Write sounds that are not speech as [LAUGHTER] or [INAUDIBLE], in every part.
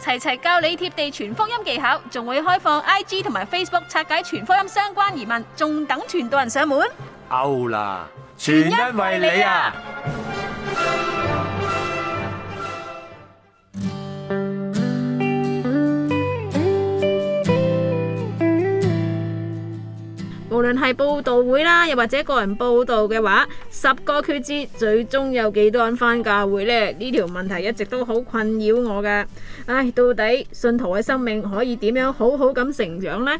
齊齊教你貼地傳福音技巧，仲會開放 I G 同埋 Facebook 拆解傳福音相關疑問，仲等傳到人上門。歐啦，全因為你啊！ [LAUGHS] 無論係報道會啦，又或者個人報道嘅話，十個決志最終有幾多人返教會呢？呢條問題一直都好困擾我㗎。唉，到底信徒嘅生命可以點樣好好咁成長呢？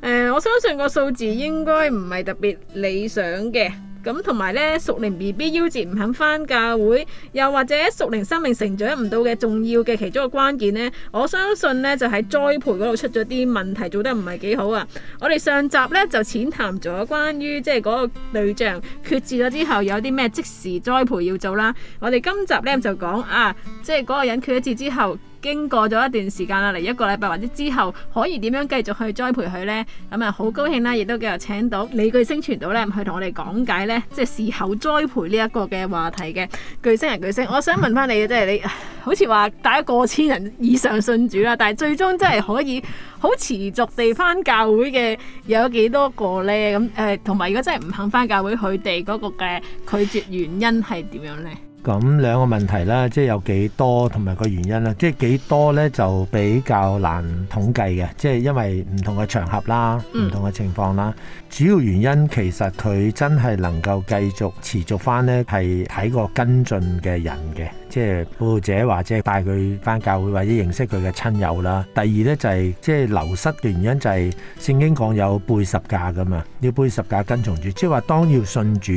呃，我相信個數字應該唔係特別理想嘅。咁同埋咧，屬靈 B B 夭折唔肯翻教會，又或者屬靈生命成長唔到嘅重要嘅其中一個關鍵呢。我相信呢，就喺栽培嗰度出咗啲問題，做得唔係幾好啊！我哋上集呢，就淺談咗關於即係嗰個對象決志咗之後有啲咩即時栽培要做啦，我哋今集呢，就講啊，即係嗰個人決志之後。經過咗一段時間啦，嚟一個禮拜或者之後，可以點樣繼續去栽培佢呢？咁、嗯、啊，好高興啦，亦都繼續請到李巨星傳道咧，去同我哋講解呢，即係事後栽培呢一個嘅話題嘅。巨星人巨星，我想問翻你即係、就是、你好似話帶咗過千人以上信主啦，但係最終真係可以好持續地翻教會嘅，有幾多個呢？咁、嗯、誒、同、呃、埋如果真係唔肯翻教會，佢哋嗰個嘅拒絕原因係點樣呢？咁兩個問題啦，即係有幾多同埋個原因啦，即係幾多呢？就比較難統計嘅，即係因為唔同嘅場合啦，唔同嘅情況啦。主要原因其實佢真係能夠繼續持續翻呢，係睇個跟進嘅人嘅。即係輔導者或者帶佢翻教會或者認識佢嘅親友啦。第二呢、就是，就係即係流失嘅原因就係、是、聖經講有背十架噶嘛，要背十架跟從主，即係話當要信主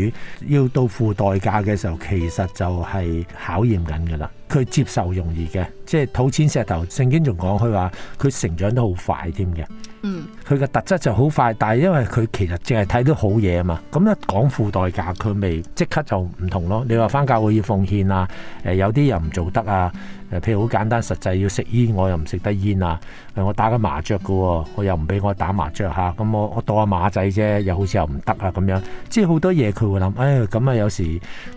要到付代價嘅時候，其實就係考驗緊噶啦。佢接受容易嘅，即係土淺石頭。聖經仲講佢話佢成長得好快添嘅。嗯，佢嘅特質就好快，但係因為佢其實淨係睇到好嘢嘛。咁樣講付代價，佢未即刻就唔同咯。你話翻教會要奉獻啊，誒、呃、有啲又唔做得啊、呃。譬如好簡單，實際要食煙，我又唔食得煙啊、呃。我打緊麻雀噶喎，我又唔俾我打麻雀吓。咁、啊嗯、我我當下馬仔啫，又好似又唔得啊咁樣。即係好多嘢佢會諗，哎咁啊，有時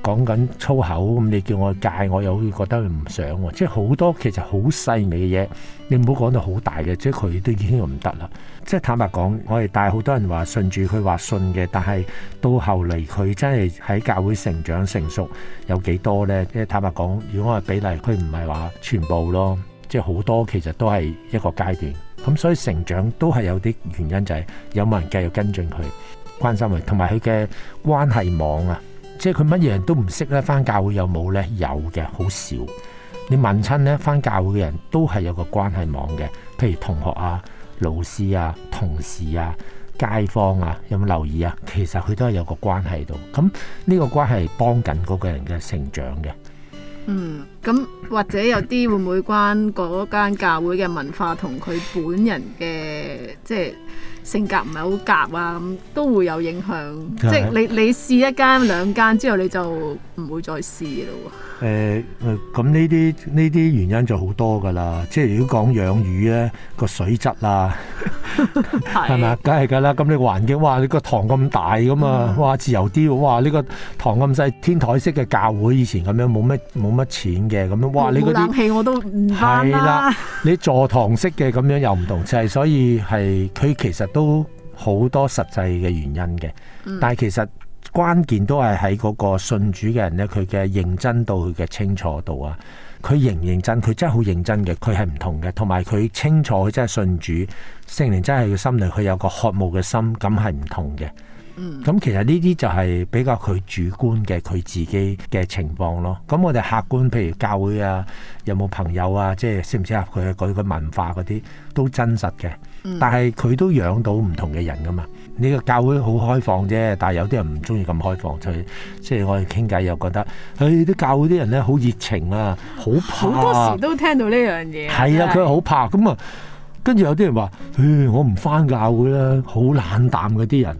講緊粗口，咁你叫我戒，我又好似覺得。佢唔想、啊，即係好多其實好細微嘅嘢，你唔好講到好大嘅，即係佢都已經唔得啦。即係坦白講，我哋帶好多人話信住佢話信嘅，但係到後嚟佢真係喺教會成長成熟有幾多呢？即係坦白講，如果我係比例，佢唔係話全部咯，即係好多其實都係一個階段。咁所以成長都係有啲原因，就係、是、有冇人繼續跟進佢，關心佢，同埋佢嘅關係網啊。即係佢乜嘢人都唔識咧，返教會有冇呢？有嘅，好少。你問親咧，返教會嘅人都係有個關係網嘅，譬如同學啊、老師啊、同事啊、街坊啊，有冇留意啊？其實佢都係有個關係度。咁呢個關係係幫緊嗰個人嘅成長嘅。嗯，咁或者有啲會唔會關嗰間教會嘅文化同佢本人嘅，即係。性格唔係好夾啊，都會有影響。即係你你試一間兩間之後，你就唔會再試咯。誒，咁呢啲呢啲原因就好多㗎啦。即係如果講養魚咧，個水質啦，係咪啊？梗係㗎啦。咁你環境，哇！你個堂咁大㗎嘛，哇！自由啲。哇！呢個堂咁細，天台式嘅教會以前咁樣，冇乜冇乜錢嘅咁樣。哇！你嗰啲冷氣我都唔啱啦。你座堂式嘅咁樣又唔同，就係所以係佢其實都。都好多實際嘅原因嘅，但係其實關鍵都係喺嗰個信主嘅人咧，佢嘅認真度，佢嘅清楚度啊，佢認唔認真，佢真係好認真嘅，佢係唔同嘅，同埋佢清楚，佢真係信主，聖靈真係佢心裏，佢有個渴慕嘅心，咁係唔同嘅。嗯，咁其實呢啲就係比較佢主觀嘅，佢自己嘅情況咯。咁我哋客觀，譬如教會啊，有冇朋友啊，即係適唔適合佢，佢嘅文化嗰啲，都真實嘅。但係佢都養到唔同嘅人㗎嘛，呢個教會好開放啫。但係有啲人唔中意咁開放，就即係我哋傾偈又覺得，唉、哎，啲教會啲人咧好熱情啊，好怕、啊。好多時都聽到呢樣嘢。係啊，佢好怕咁啊。跟住有啲人話，嗯，哎、我唔返教會啦，好冷淡嗰啲人。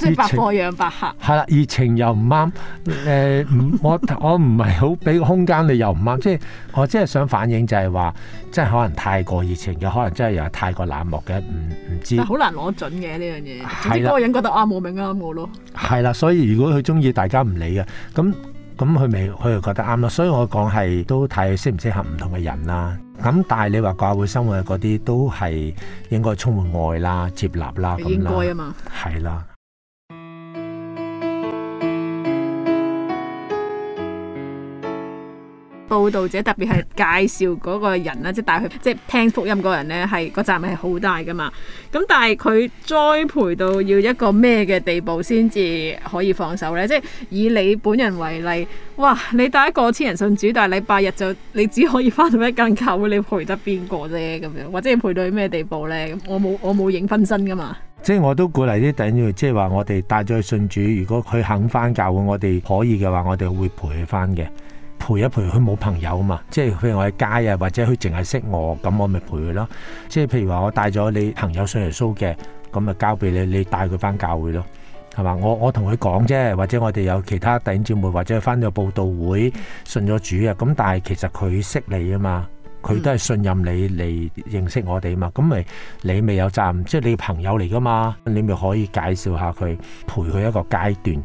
即係百貨養百客，係啦，熱情又唔啱。誒，我我唔係好俾個空間你，又唔啱。即係我即係想反映就，就係話，即係可能太過熱情嘅，可能真係又太過冷漠嘅，唔唔知。好難攞準嘅呢樣嘢，即嗰個人覺得啱，我咪啱我咯。係啦，所以如果佢中意大家唔理嘅，咁咁佢咪佢又覺得啱咯。所以我講係都睇適唔適合唔同嘅人啦。咁但係你話教會生活嗰啲都係應該充滿愛啦、接納啦，咁應該啊嘛。係啦。報道者特別係介紹嗰個人啦，即係帶佢即係聽福音嗰人咧，係個責任係好大噶嘛。咁但係佢栽培到要一個咩嘅地步先至可以放手咧？即係以你本人為例，哇！你帶一個千人信主，但係禮拜日就你只可以翻到一間教會，你陪得邊個啫？咁樣或者你陪到去咩地步咧？咁我冇我冇影分身噶嘛。即係我都鼓勵啲弟兄，即係話我哋帶咗去信主，如果佢肯翻教會，我哋可以嘅話，我哋會陪佢翻嘅。陪一陪佢冇朋友啊嘛，即係譬如我喺街啊，或者佢淨係識我，咁我咪陪佢咯。即係譬如話我帶咗你朋友上嚟 show 嘅，咁咪交俾你，你帶佢翻教會咯，係嘛？我我同佢講啫，或者我哋有其他弟兄姊妹，或者翻咗佈道會信咗主啊，咁但係其實佢識你啊嘛，佢都係信任你嚟認識我哋啊嘛，咁咪你咪有責任，即係你朋友嚟噶嘛，你咪可以介紹下佢，陪佢一個階段。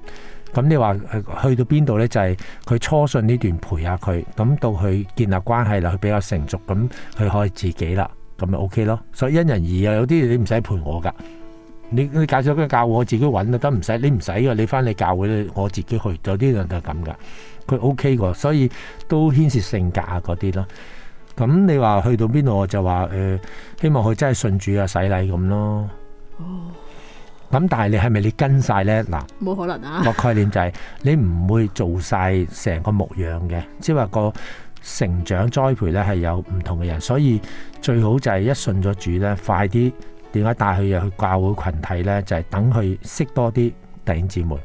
咁你話去到邊度呢？就係佢初信呢段陪下佢，咁到佢建立關係啦，佢比較成熟，咁佢可以自己啦，咁咪 O K 咯。所以因人而異，有啲你唔使陪我噶，你你介紹個教會我自己揾搵得，唔使，你唔使噶，你翻你教會，我自己去。有啲人就咁噶，佢 O K 噶，所以都牽涉性格啊嗰啲咯。咁你話去到邊度，我就話誒、呃，希望佢真係信主啊，洗禮咁咯。咁但係你係咪你跟晒呢？嗱，冇可能啊！個 [LAUGHS] 概念就係你唔會做晒成個牧養嘅，即係話個成長栽培呢係有唔同嘅人，所以最好就係一信咗主呢，快啲點解帶佢入去教會群體呢？就係等佢識多啲弟兄姊妹，佢、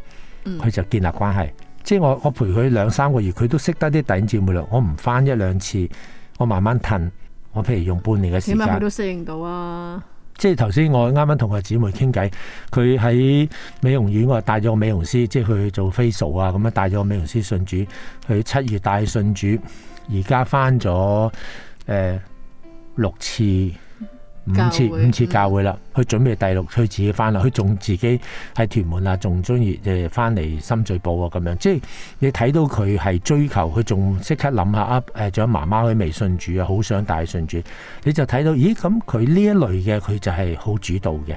嗯、就建立關係。即、就、係、是、我我陪佢兩三個月，佢都識得啲弟兄姊妹啦。我唔翻，一兩次，我慢慢褪。我譬如用半年嘅時間去到都適應到啊。即係頭先我啱啱同個姊妹傾偈，佢喺美容院我帶咗個美容師，即係佢去做 facial 啊咁樣帶咗個美容師信主，去七月帶信主，而家翻咗誒六次。五次會五次教會啦，佢準備第六佢自己翻嚟，佢仲自己喺屯門啊，仲中意誒翻嚟深水埗啊，咁樣即係你睇到佢係追求，佢仲即刻諗下啊，誒仲有媽媽佢未信主啊，好想大信主。你就睇到咦咁佢呢一類嘅佢就係好主導嘅。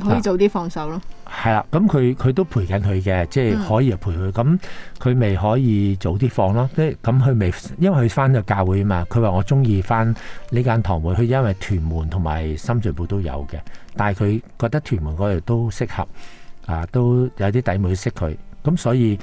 可以早啲放手咯。係啦、啊，咁佢佢都陪緊佢嘅，即係可以啊陪佢。咁佢咪可以早啲放咯。即係咁，佢未因為佢翻咗教會啊嘛。佢話我中意翻呢間堂會，佢因為屯門同埋深水埗都有嘅。但係佢覺得屯門嗰度都適合啊，都有啲弟妹識佢。咁、嗯、所以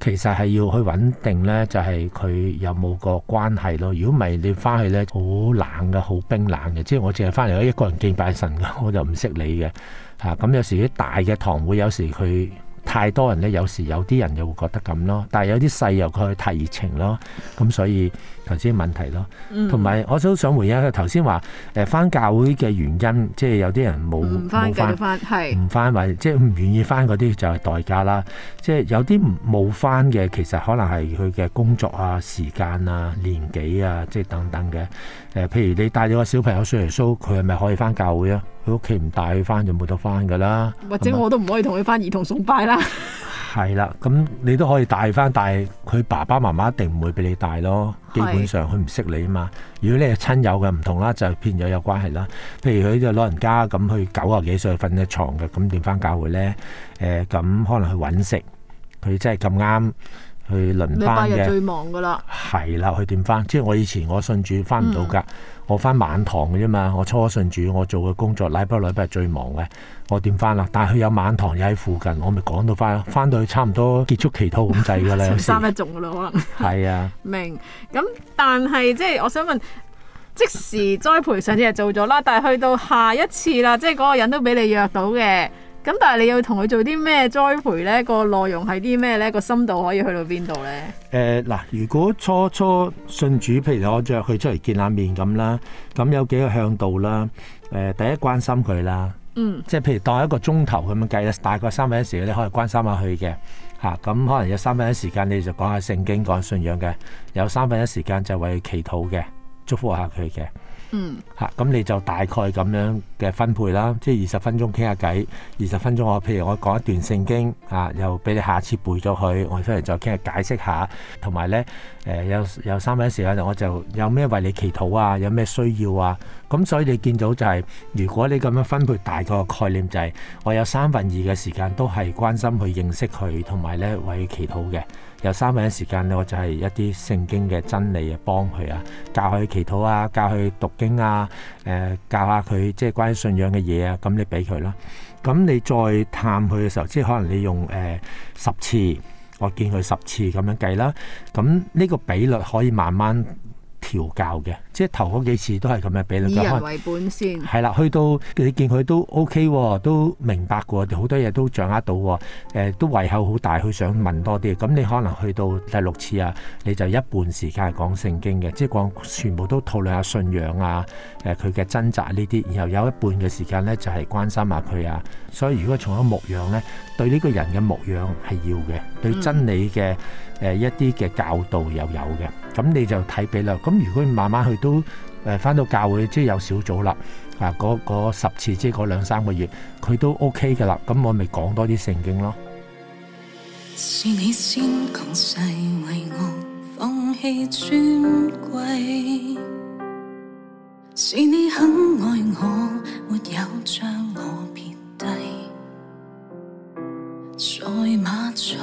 其實係要去穩定呢，就係、是、佢有冇個關係咯。如果唔係你翻去呢，好冷嘅，好冰冷嘅。即係我淨係翻嚟一個人敬拜神噶，我就唔識你嘅。啊，咁有時啲大嘅堂會，有時佢太多人咧，有時有啲人就會覺得咁咯。但係有啲細又佢太熱情咯，咁所以。頭先問題咯，同埋、嗯、我都想回應下頭先話誒翻教會嘅原因，即係有啲人冇唔翻繼續係唔翻或即係是唔是願意翻嗰啲就係代價啦。即係有啲冇翻嘅，其實可能係佢嘅工作啊、時間啊、年紀啊，即係等等嘅。誒、呃，譬如你帶咗個小朋友上嚟掃，佢係咪可以翻教會啊？佢屋企唔帶佢翻就冇得翻㗎啦。或者係咪我都唔可以同佢翻兒童崇拜啦。 [LAUGHS] 係啦，咁你都可以帶翻，但係佢爸爸媽媽一定唔會俾你帶咯。基本上佢唔識你啊嘛。如果你係親友嘅唔同啦，就變咗有，有關係啦。譬如佢就老人家咁，佢九啊幾歲瞓一床嘅，咁點翻教會呢？誒、呃，咁可能去揾食，佢真係咁啱。去輪班嘅，禮拜日最忙噶啦，係啦，去點翻？即係我以前我信主翻唔到㗎。嗯、我翻晚堂嘅啫嘛。我初信主我做嘅工作禮拜六禮拜日最忙嘅，我點翻啦？但係佢有晚堂又喺附近，我咪趕到翻，翻到去差唔多結束祈禱咁滯㗎啦。生 [LAUGHS] 一種㗎啦，可能係啊， [LAUGHS] 是的 明咁，但係即係我想問，即時栽培上次係做咗啦，但係去到下一次啦，即係嗰個人都俾你約到嘅。咁但係你要同佢做啲咩栽培呢？呢個內容係啲咩呢？呢個深度可以去到邊度呢？誒，嗱，如果初初信主，譬如我約佢出嚟見下面咁啦，咁有幾個向度啦，呃。第一關心佢啦，嗯，即係譬如當一個鐘頭咁樣計，大概三分一時你可以關心下佢嘅，吓、啊、咁、嗯、可能有三分一時間你就講下聖經，講信仰嘅，有三分一時間就為佢祈禱嘅，祝福下佢嘅。嗯，吓咁、啊、你就大概咁樣嘅分配啦，即係二十分鐘傾下偈，二十分鐘我譬如我講一段聖經啊，又俾你下次背咗佢，我出翻嚟再傾下，解釋下，同埋呢，誒、呃、有有三分一時間我就有咩為你祈禱啊，有咩需要啊。咁所以你見到就係、是，如果你咁樣分配大個概念就係、是，我有三分二嘅時間都係關心去認識佢，同埋咧為佢祈禱嘅。有三分一時間咧，我就係一啲聖經嘅真理啊，幫佢啊，教佢祈禱啊，教佢讀經啊，誒、呃、教下佢即係關於信仰嘅嘢啊。咁你俾佢啦。咁你再探佢嘅時候，即係可能你用誒、呃、十次，我見佢十次咁樣計啦。咁呢個比率可以慢慢調教嘅。即係頭嗰幾次都係咁嘅比例，以人為本先。係啦，去到你見佢都 OK，哦、都明白嘅喎，好多嘢都掌握到、哦。誒、呃，都胃口好大，佢想問多啲。咁、嗯嗯、你可能去到第六次啊，你就一半時間係講聖經嘅，即係講全部都討論下信仰啊，誒佢嘅掙扎呢啲，然後有一半嘅時間咧就係、是、關心下佢啊。所以如果從一牧養咧，對呢個人嘅牧養係要嘅，對真理嘅誒、呃、一啲嘅教導又有嘅。咁你就睇比例。咁如果慢慢去都誒翻到教會，即係有小組啦。嗱，嗰嗰十次，即係嗰兩三個月，佢都 OK 嘅啦。咁我咪講多啲聖經咯。是你先降世為我放棄尊貴，是你肯愛我，沒有將我撇低。在馬祖，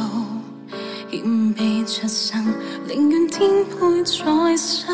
謙卑出生，寧願顛沛在世。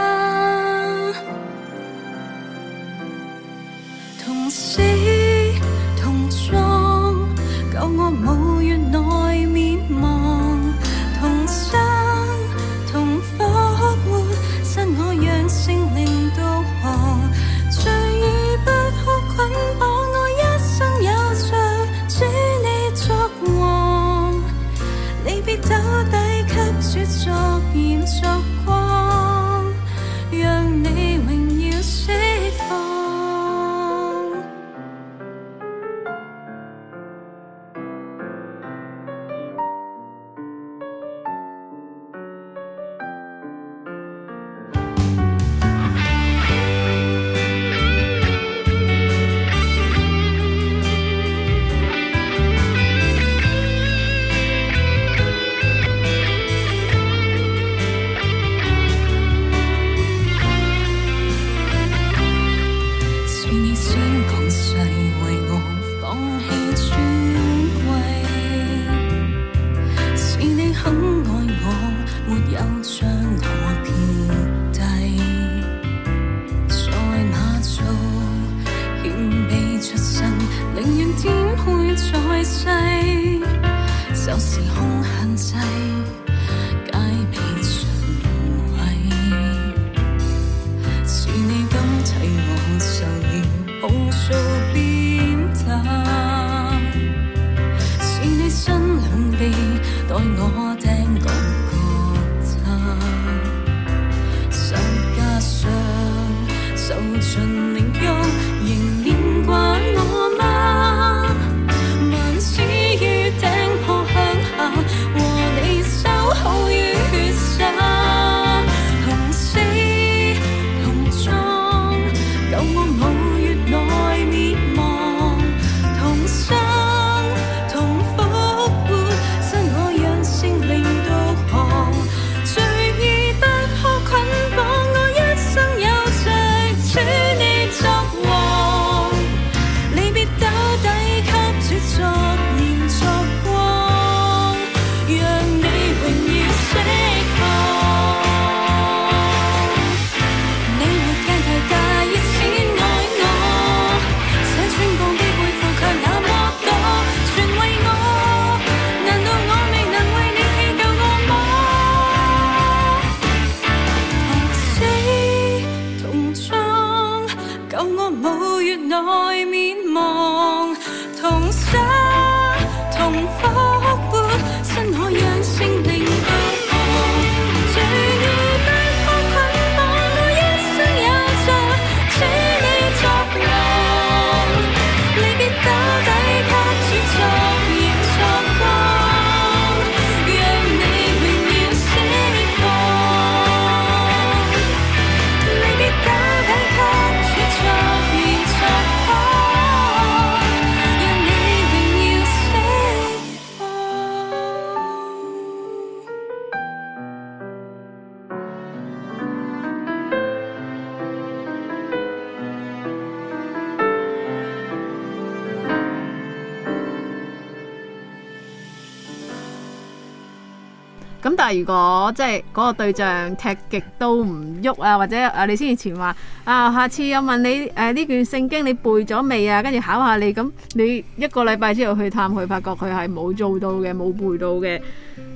如果即係嗰個對象踢極都唔喐啊，或者啊，你先前話啊，下次我問你誒呢段聖經你背咗未啊，跟住考下你，咁你一個禮拜之後去探佢，發覺佢係冇做到嘅，冇背到嘅，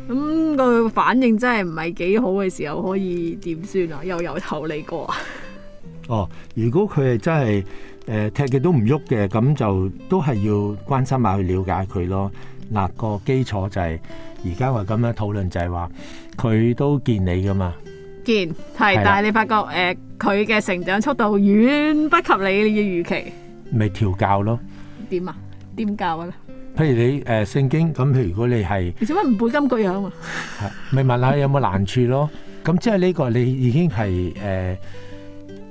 咁、嗯、個反應真係唔係幾好嘅時候，可以點算啊？又由頭嚟過啊？ [LAUGHS] 哦，如果佢係真係誒、呃、踢極都唔喐嘅，咁就都係要關心下，去了解佢咯。嗱，個基礎就係而家話咁樣討論，就係話佢都見你噶嘛，見係，的但係你發覺誒佢嘅成長速度遠不及你嘅預期，咪調教咯。點啊？點教啊？譬如你誒、呃、聖經咁，譬如如果你係，做乜唔背金句樣啊嘛？係 [LAUGHS] 咪問下有冇難處咯？咁即係呢個你已經係誒。呃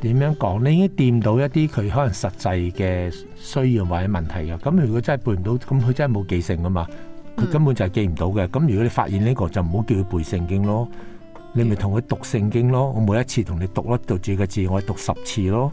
點樣講？你已經掂到一啲佢可能實際嘅需要或者問題嘅。咁如果真係背唔到，咁佢真係冇記性噶嘛？佢根本就係記唔到嘅。咁、嗯、如果你發現呢，這個就唔好叫佢背聖經咯。你咪同佢讀聖經咯。我每一次同你讀咯，讀住個字，我讀十次咯，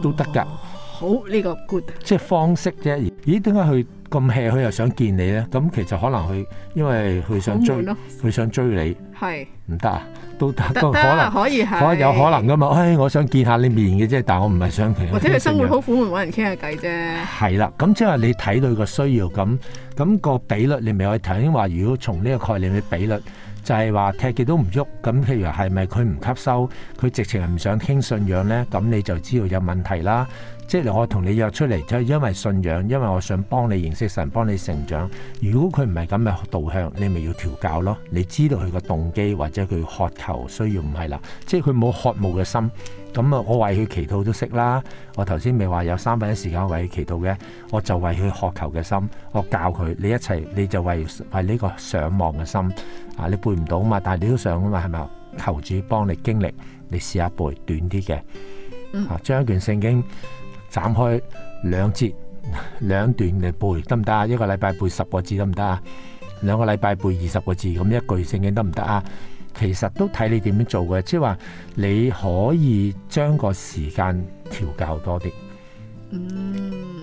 都得㗎、哦。好，呢、這個 good。即係方式啫。咦，點解佢咁 hea，佢又想見你咧？咁其實可能佢因為佢想追，佢想追你，係唔得啊？都都可能，可有可能噶嘛？唉，我想見下你面嘅啫，但係我唔係想同或者你生活好苦悶，揾人傾下偈啫。係啦，咁即係你睇到個需要咁，咁個比率你咪可以頭先話，如果從呢個概念嘅比率，就係話踢極都唔喐，咁譬如係咪佢唔吸收，佢直情係唔想傾信仰咧？咁你就知道有問題啦。即係我同你約出嚟，就因為信仰，因為我想幫你認識神，幫你成長。如果佢唔係咁嘅導向，你咪要調教咯。你知道佢個動機或者佢渴求需要唔係啦，即係佢冇渴慕嘅心。咁啊，我為佢祈禱都識啦。我頭先咪話有三分一時間為佢祈禱嘅，我就為佢渴求嘅心，我教佢。你一齊你就為為呢個上望嘅心啊，你背唔到嘛？但係你都想啊嘛，係咪？求主幫你經歷，你試下背短啲嘅，啊，將一卷聖經。斬開兩節兩段嚟背，得唔得啊？一個禮拜背十個字得唔得啊？兩個禮拜背二十個字，咁一句聖經得唔得啊？其實都睇你點樣做嘅，即係話你可以將個時間調校多啲。嗯。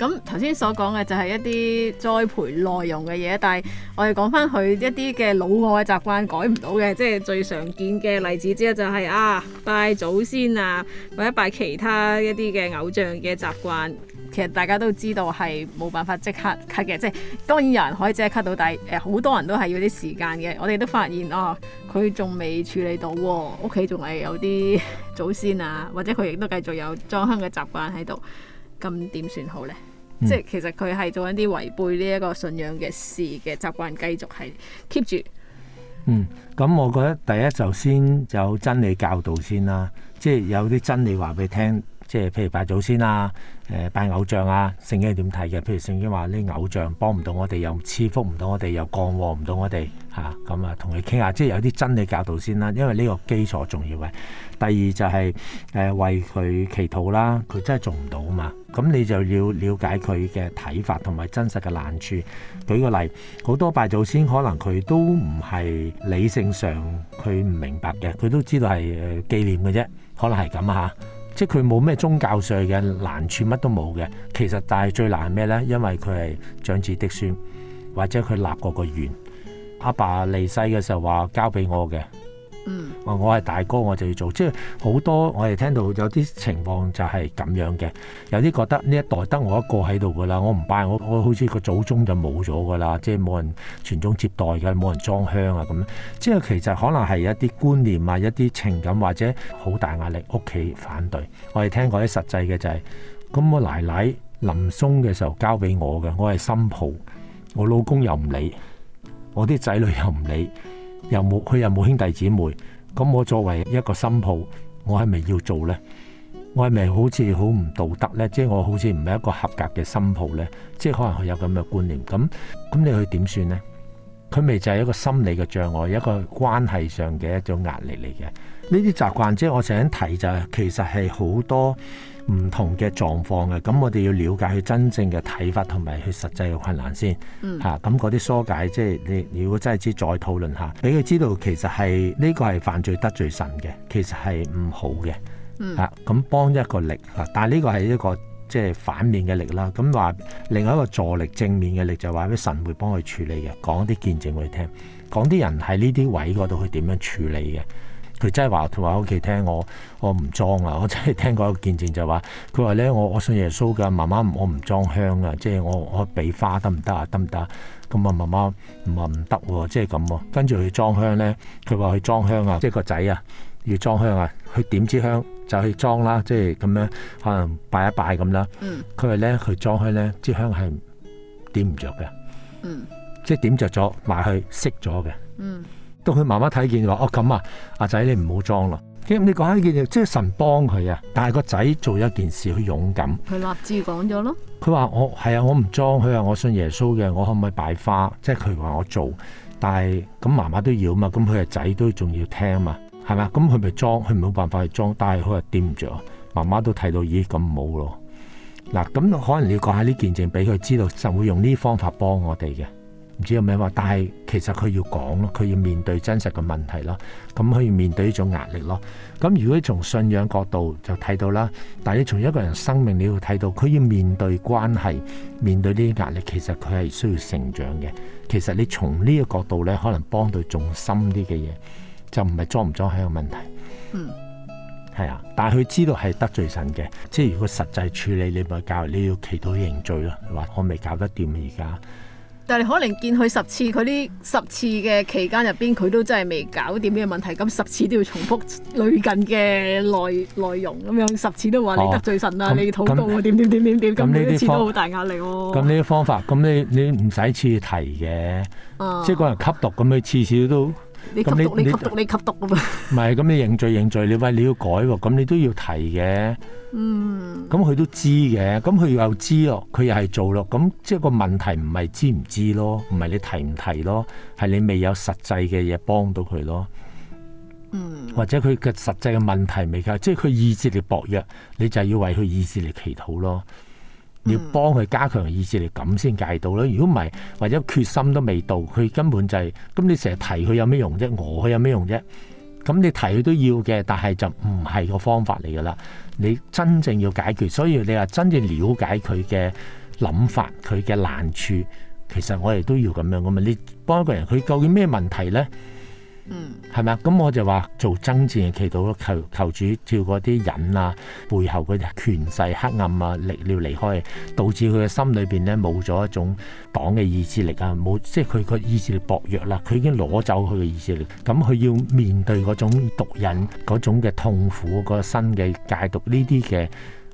咁頭先所講嘅就係一啲栽培內容嘅嘢，但係我哋講返佢一啲嘅老外習慣改唔到嘅，即係最常見嘅例子之一就係、是、啊拜祖先啊或者拜其他一啲嘅偶像嘅習慣，其實大家都知道係冇辦法即刻 cut 嘅，即係當然有人可以即刻 cut 到，但係好多人都係要啲時間嘅。我哋都發現啊，佢仲未處理到喎，屋企仲係有啲祖先啊或者佢亦都繼續有裝香嘅習慣喺度，咁點算好呢？嗯、即係其實佢係做緊啲違背呢一個信仰嘅事嘅習慣，繼續係 keep 住。嗯，咁我覺得第一就先有真理教導先啦，即係有啲真理話俾你聽。嗯即係譬如拜祖先啊，誒、呃、拜偶像啊，聖經點睇嘅？譬如聖經話啲偶像幫唔到我哋，又賜福唔到我哋，又降禍唔到我哋嚇咁啊，同佢傾下，即係有啲真理教導先啦、啊，因為呢個基礎重要嘅、啊。第二就係、是、誒、呃、為佢祈禱啦，佢真係做唔到啊嘛，咁你就要了解佢嘅睇法同埋真實嘅難處。舉個例，好多拜祖先可能佢都唔係理性上佢唔明白嘅，佢都知道係誒紀念嘅啫，可能係咁啊嚇。即係佢冇咩宗教上嘅難處，乜都冇嘅。其實，但係最難係咩呢？因為佢係長子嫡孫，或者佢立過個願。阿爸離世嘅時候話交俾我嘅。嗯，我我係大哥，我就要做，即係好多我哋聽到有啲情況就係咁樣嘅，有啲覺得呢一代得我一個喺度噶啦，我唔拜，我我好似個祖宗就冇咗噶啦，即係冇人傳宗接代嘅，冇人裝香啊咁，即係其實可能係一啲觀念啊、一啲情感或者好大壓力，屋企反對。我哋聽過啲實際嘅就係、是，咁我奶奶臨終嘅時候交俾我嘅，我係心抱，我老公又唔理，我啲仔女又唔理。又冇佢又冇兄弟姊妹，咁我作為一個新抱，我係咪要做呢？我係咪好似好唔道德呢？即係我好似唔係一個合格嘅新抱呢？即係可能佢有咁嘅觀念，咁咁你去點算呢？佢咪就係一個心理嘅障礙，一個關係上嘅一種壓力嚟嘅。呢啲習慣即係我成日提，就係其實係好多。唔同嘅狀況嘅，咁我哋要了解佢真正嘅睇法同埋佢實際嘅困難先。嗯，嚇、啊，咁嗰啲疏解，即係你，如果真係知再討論下，俾佢知道其實係呢、這個係犯罪得罪神嘅，其實係唔好嘅、啊。嗯，嚇、啊，咁幫一個力嚇，但係呢個係一個即係反面嘅力啦。咁、啊、話另外一個助力正面嘅力就話畀神會幫佢處理嘅，講啲見證畀佢聽，講啲人喺呢啲位嗰度佢點樣處理嘅。佢真係話佢話屋企聽我，我唔裝啊！我真係聽過一個見證就話，佢話咧我我信耶穌㗎，媽媽我唔裝香啊，即係我我俾花得唔得啊？得唔得？咁啊媽媽唔啊唔得喎，即係咁喎。跟住佢裝香咧，佢話佢裝香啊，即係個仔啊要裝香啊，去點支香就去裝啦、啊，即係咁樣可能拜一拜咁啦、啊。佢話咧，佢裝香咧，支香係點唔着嘅。嗯。即係點着咗埋去熄咗嘅。嗯。到佢媽媽睇見話哦咁啊，阿仔你唔好裝啦。咁你講下呢件嘢，即係神幫佢啊。但係個仔做一件事，佢勇敢，佢立志講咗咯。佢話我係啊，我唔裝佢話，我，我信耶穌嘅，我可唔可以擺花？即係佢話我做，但係咁媽媽都要啊嘛，咁佢個仔都仲要聽啊嘛，係咪？咁佢咪裝，佢冇辦法去裝，但係佢又掂唔住，媽媽都睇到，咦咁冇咯。嗱，咁、啊、可能你要講下呢件證俾佢知道，就會用呢方法幫我哋嘅。唔知有咩話，但係其實佢要講咯，佢要面對真實嘅問題咯，咁佢要面對呢種壓力咯。咁如果從信仰角度就睇到啦，但係你從一個人生命你要睇到，佢要面對關係，面對呢啲壓力，其實佢係需要成長嘅。其實你從呢個角度咧，可能幫到仲深啲嘅嘢，就唔係裝唔裝係一個問題。嗯，係啊，但係佢知道係得罪神嘅，即係如果實際處理你咪教，你要祈禱認罪咯。話我未搞得掂而家。但係可能見佢十次，佢呢十次嘅期間入邊，佢都真係未搞掂咩問題，咁十次都要重複類近嘅內內容咁樣，十次都話你得罪神啦，你禱告啊，點點點點點，咁啲次都好大壓力喎，哦。咁呢啲方法，咁你你唔使次次提嘅，啊、即係個人吸毒咁樣，次次都。你吸毒，你，你吸毒，你，你吸毒吖嘛？唔係， [LAUGHS] 咁你認罪認罪，你話你要改喎，咁你都要提嘅。嗯，咁佢都知嘅，咁佢又知哦，佢又係做咯，咁即係個問題唔係知唔知咯，唔係你提唔提咯，係你未有實際嘅嘢幫到佢咯。嗯。或者佢嘅實際嘅問題未夠，即係佢意志力薄弱，你就要為佢意志力祈禱咯。要幫佢加強意志力咁先戒到咧。如果唔係，或者決心都未到，佢根本就係咁。你成日提佢有咩用啫？我佢有咩用啫？咁你提佢都要嘅，但係就唔係個方法嚟噶啦。你真正要解決，所以你話真正了解佢嘅諗法、佢嘅難處，其實我哋都要咁樣噶嘛。你幫一個人，佢究竟咩問題呢？嗯，係咪啊？咁我就話做爭戰嘅祈禱，求求主照嗰啲癮啊，背後嘅權勢黑暗啊，力量離，離離開，導致佢嘅心裏邊咧冇咗一種黨嘅意志力啊，冇即係佢個意志力薄弱啦，佢已經攞走佢嘅意志力，咁佢要面對嗰種毒癮嗰種嘅痛苦，個新嘅戒毒呢啲嘅，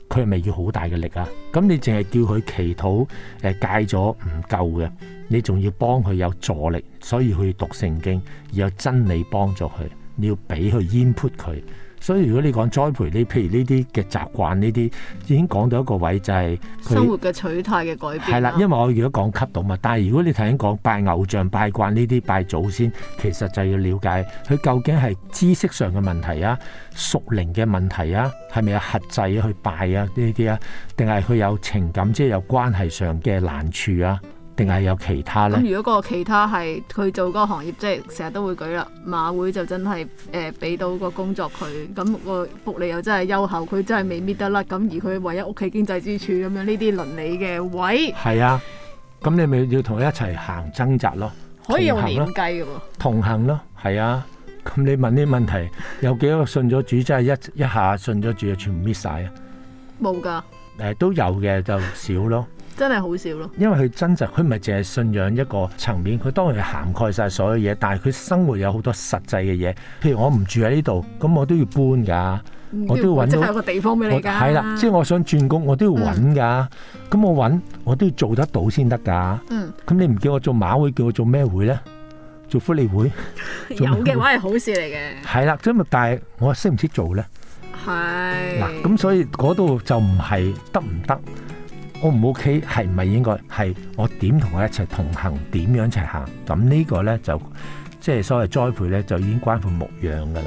佢係咪要好大嘅力啊？咁你淨係叫佢祈禱誒戒咗唔夠嘅？你仲要幫佢有助力，所以佢去讀聖經，而有真理幫助佢。你要俾佢 input 佢。所以如果你講栽培呢，譬如呢啲嘅習慣，呢啲已經講到一個位，就係、是、生活嘅取態嘅改變，啊。係啦，因為我如果講吸毒嘛，但係如果你頭先講拜偶像、拜慣呢啲拜祖先，其實就要了解佢究竟係知識上嘅問題啊、屬靈嘅問題啊，係咪有轄制去拜啊呢啲啊？定係佢有情感，即係有關係上嘅難處啊？定係有其他咧？咁如果個其他係佢做嗰個行業，即係成日都會舉啦。馬會就真係誒俾到個工作佢，咁個福利又真係優厚，佢真係未搣得甩。咁而佢唯一屋企經濟支柱，咁樣呢啲倫理嘅位，係啊，咁你咪要同佢一齊行掙扎咯。可以用年計噶嘛？同行咯，係啊。咁你問啲問題，有幾多個信咗主？真係一一下信咗主，就全搣晒啊？冇㗎。誒、呃、都有嘅，就少咯。 [LAUGHS] 真係好少咯，因為佢真實，佢唔係淨係信仰一個層面，佢當然涵蓋曬所有嘢。但係佢生活有好多實際嘅嘢，譬如我唔住喺呢度，咁我都要搬㗎，我都要揾，即係有一個地方俾你㗎。係啦，即係我想轉工，我都要揾㗎。咁我揾，我都要做得到先得㗎。嗯，咁你唔叫我做馬會，叫我做咩會咧？做福利會？有嘅話係好事嚟嘅。係啦，咁啊，但係我識唔識做咧？係嗱，咁所以嗰度就唔係得唔得？O 唔 O K，係唔係應該係我點同佢一齊同行，點樣一齊行？咁呢個咧就即係所謂栽培咧，就已經關乎牧養噶啦。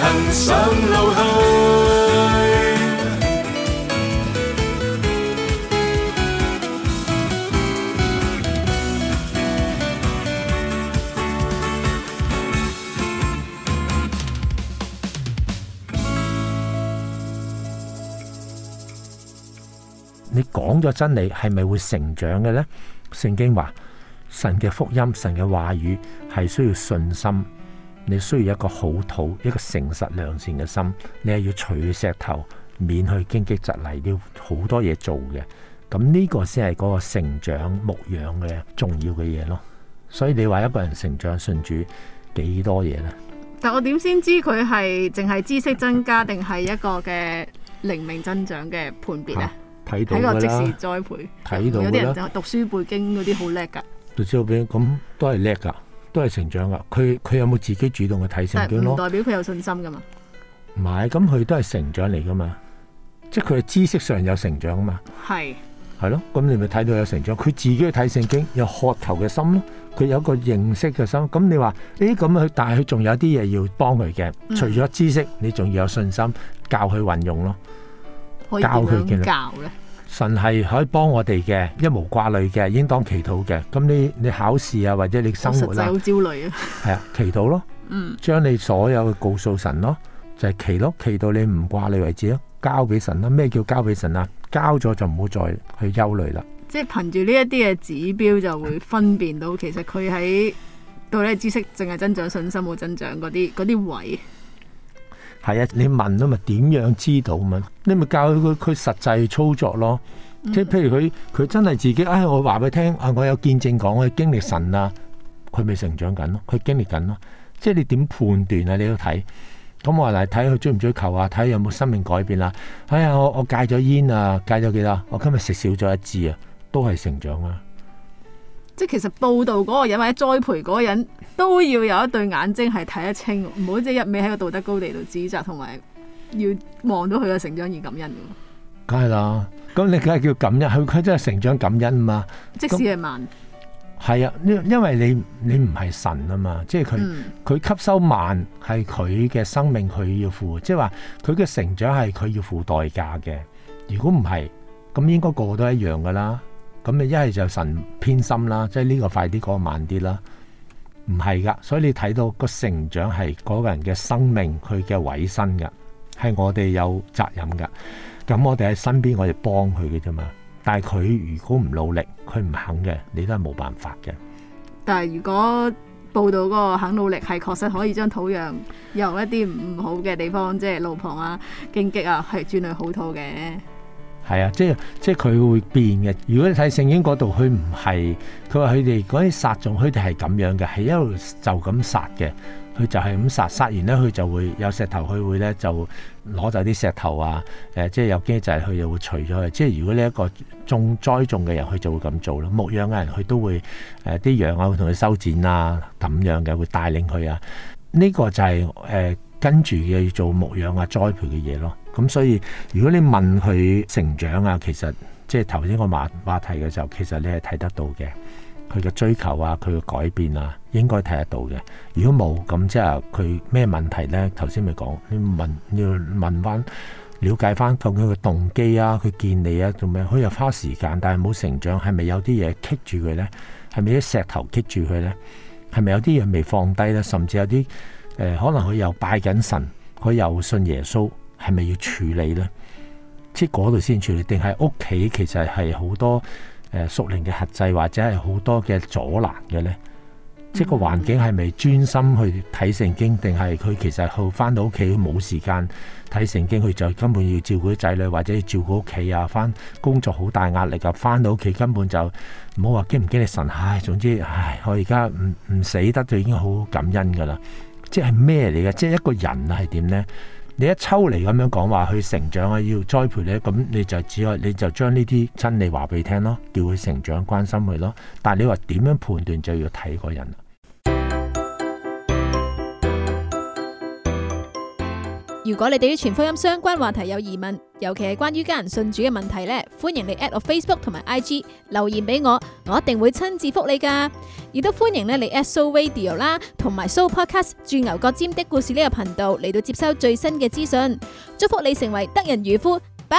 行上路去，你講咗真理，係咪會成長嘅咧？聖經話，神嘅福音、神嘅話語，係需要信心。你需要一個好土，一個誠實良善嘅心，你係要取石頭，免去荊棘蒺藜，要好多嘢做嘅。咁呢個先係嗰個成長牧養嘅重要嘅嘢咯。所以你話一個人成長順主幾多嘢呢？但我點先知佢係淨係知識增加，定係一個嘅靈命增長嘅判別啊？睇到個即時栽培，睇到有啲人就讀書背經嗰啲好叻噶，讀書背經咁都係叻噶。都係成長噶，佢，佢有冇自己主動去睇聖經咯？代表佢有信心噶嘛？唔係，咁佢都係成長嚟噶嘛？即係佢知識上有成長啊嘛？係係是咯，咁你咪睇到有成長，佢自己去睇聖經，有渴求嘅心咯，佢有一個認識嘅心。咁你話，誒、欸，咁佢，但係佢仲有啲嘢要幫佢嘅，除咗知識，你仲要有信心教佢運用咯，是教佢嘅。教。神係可以幫我哋嘅，一無掛慮嘅，應當祈禱嘅。咁你你考試啊，或者你生活咧、啊，好焦慮啊。係啊，祈禱咯，嗯， [LAUGHS] 將你所有嘅告訴神咯，就係、是、祈咯，祈到你唔掛慮為止咯，交俾神啦。咩叫交俾神啊？交咗就唔好再去憂慮啦。即係憑住呢一啲嘅指標，就會分辨到其實佢喺對你嘅知識淨係增長，信心冇增長啲嗰啲位。係啊，你問咯，嘛，點樣知道嘛？你咪教佢佢實際操作咯。即係譬如佢佢真係自己，哎，我話俾你聽，啊、哎，我有見證講，我經歷神啊，佢咪成長緊咯，佢經歷緊咯。即係你點判斷啊？你要睇。咁我嚟睇，佢追唔追求啊？睇有冇生命改變啦、啊。哎呀，我我戒咗煙啊，戒咗幾多？我今日食少咗一支啊，都係成長啊。即係其實報道嗰個人或者栽培嗰個人都要有一對眼睛係睇得清，唔好即係一味喺個道德高地度指責，同埋要望到佢嘅成長而感恩嘅。梗係啦，咁你梗係叫感恩，佢佢真係成長感恩嘛？即使係慢，係啊，因因為你你唔係神啊嘛，即係佢佢吸收慢係佢嘅生命，佢要付，即係話佢嘅成長係佢要付代價嘅。如果唔係，咁應該個個個都一樣噶啦。咁你一係就神偏心啦，即係呢個快啲，嗰個慢啲啦，唔係噶。所以你睇到個成長係嗰個人嘅生命，佢嘅委身噶，係我哋有責任噶。咁我哋喺身邊，我哋幫佢嘅啫嘛。但係佢如果唔努力，佢唔肯嘅，你都係冇辦法嘅。但係如果報道嗰個肯努力，係確實可以將土壤由一啲唔好嘅地方，即係路旁啊、荊棘啊，係轉去好土嘅。係啊，即係即係佢會變嘅。如果你睇聖經嗰度，佢唔係，佢話佢哋嗰啲殺種，佢哋係咁樣嘅，係一路就咁殺嘅。佢就係咁殺，殺完咧，佢就會有石頭，佢會咧就攞走啲石頭啊，誒、呃，即係有機制，佢又會除咗佢。即係如果呢一個種栽種嘅人，佢就會咁做啦。牧養嘅人，佢都會誒啲羊啊，呃、會同佢修剪啊，咁樣嘅會帶領佢啊。呢、這個就係、是、誒。呃跟住嘅要做牧養啊、栽培嘅嘢咯，咁所以如果你問佢成長啊，其實即係頭先我話話題嘅時候，其實你係睇得到嘅，佢嘅追求啊、佢嘅改變啊，應該睇得到嘅。如果冇咁即係佢咩問題呢？頭先咪講，你問你要問翻了解翻究竟佢嘅動機啊、佢見你啊同咩，佢又花時間，但係冇成長，係咪有啲嘢棘住佢呢？係咪有啲石頭棘住佢呢？係咪有啲嘢未放低呢？甚至有啲。誒，可能佢又拜緊神，佢又信耶穌，係咪要處理呢？即嗰度先處理，定係屋企其實係好多誒，宿靈嘅核制或者係好多嘅阻攔嘅呢？嗯、即係個環境係咪專心去睇聖經？定係佢其實去翻到屋企冇時間睇聖經，佢就根本要照顧仔女，或者照顧屋企啊？翻工作好大壓力啊！翻到屋企根本就唔好話經唔經歷神，唉，總之唉，我而家唔唔死得就已經好感恩噶啦。即係咩嚟嘅？即係一個人係點呢？你一抽離咁樣講話，佢成長啊，要栽培咧，咁你就只可你就將呢啲真理話俾你聽咯，叫佢成長，關心佢咯。但係你話點樣判斷，就要睇個人。如果你對於全福音相關話題有疑問，尤其係關於家人信主嘅問題咧，歡迎你 at 我 Facebook 同埋 IG 留言俾我，我一定會親自覆你噶。亦都歡迎咧你 at Soul Radio 啦，同埋 Soul Podcast《鑽牛角尖的故事》呢個頻道嚟到接收最新嘅資訊。祝福你成為得人如魚，拜。